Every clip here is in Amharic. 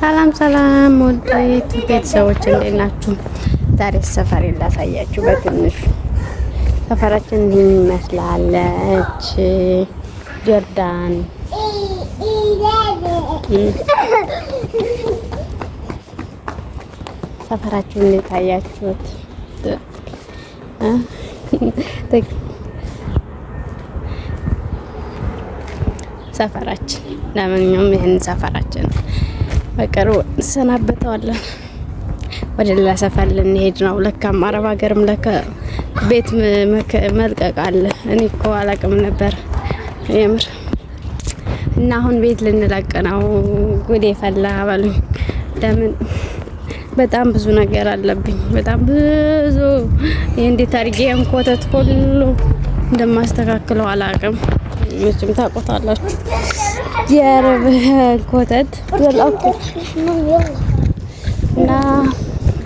ሰላም ሰላም ወደ ቤተሰቦች እንዴት ናችሁ? ዛሬ ሰፈር ላሳያችሁ በትንሹ ሰፈራችን ይህን ይመስላለች። ጆርዳን ሰፈራችሁ እንዴት አያችሁት? ሰፈራችን። ለማንኛውም ይህን ሰፈራችን በቅርቡ እንሰናበተዋለን። ወደ ሌላ ሰፈር ልንሄድ ነው። ለካም አረብ ሀገርም ለካ ቤት መልቀቅ አለ። እኔ እኮ አላቅም ነበር የምር። እና አሁን ቤት ልንለቅ ነው። ጉዴ ፈላ በሉኝ። ለምን በጣም ብዙ ነገር አለብኝ። በጣም ብዙ ይህ እንዴት አድርጌ ኮተት ሁሉ እንደማስተካክለው አላቅም። መቼም ታቆታላችሁ። የአረብ ኮተት ዘላኩ እና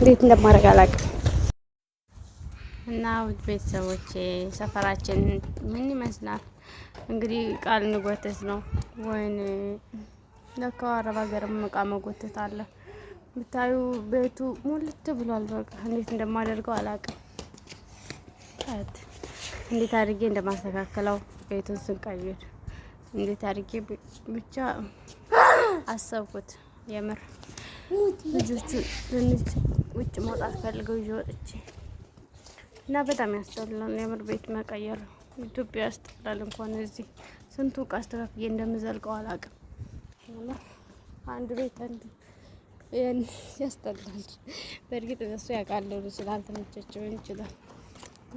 እንዴት እንደማደርግ አላውቅም። እና ውድ ቤተሰቦች ሰፈራችን ምን ይመስላል እንግዲህ ቃል እንጎተት ነው ወይን ለካ አረብ ሀገርም እቃ መጎተት አለ። ብታዩ ቤቱ ሙልት ብሏል። በቃ እንዴት እንደማደርገው አላውቅም። እንዴት አድርጌ እንደማስተካከለው ቤቱን ስንቀይር እንዴት አድርጌ ብቻ አሰብኩት። የምር ልጆቹ ትንሽ ውጭ መውጣት ፈልገው ይዤ ወጥቼ እና በጣም ያስጠላል። የምር ቤት መቀየር ኢትዮጵያ ያስጠላል። እንኳን እዚህ ስንቱ ዕቃ አስተካክዬ እንደምዘልቀው አላውቅም። አንድ ቤት አንድ ያስጠላል። በእርግጥ እነሱ ያውቃሉ፣ ስላልተመቻቸው ይችላል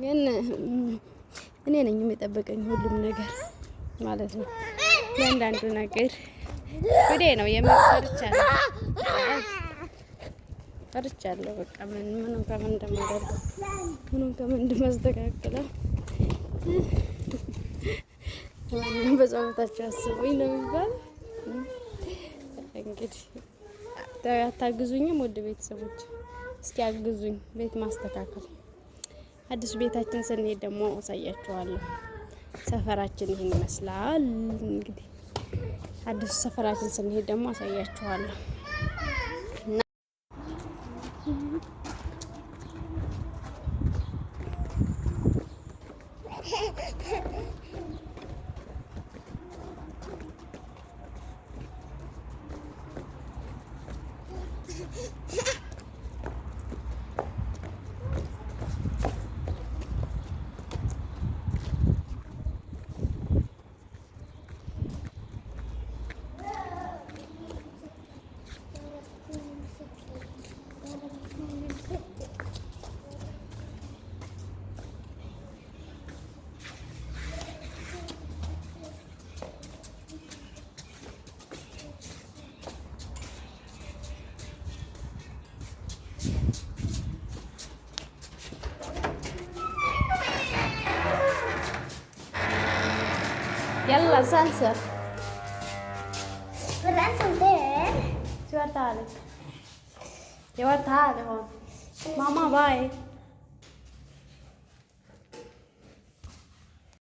ግን እኔ ነኝ የጠበቀኝ ሁሉም ነገር ማለት ነው። እያንዳንዱ ነገር ጉዴ ነው የምፈርቻለሁ ፈርቻለሁ። በቃ ምን ምንም ከምን እንደማደርገው ምንም ከምን እንደማስተካከለው ማንም በጸሎታቸው አስቡኝ ነው የሚባል እንግዲህ አታግዙኝም? ውድ ቤተሰቦች እስኪ አግዙኝ ቤት ማስተካከል አዲሱ ቤታችን ስንሄድ ደግሞ አሳያችኋለሁ። ሰፈራችን ይህን ይመስላል። እንግዲህ አዲሱ ሰፈራችን ስንሄድ ደግሞ አሳያችኋለሁ። يلا سنسر برنسل ده شو تعالي يا تعالي هون ماما باي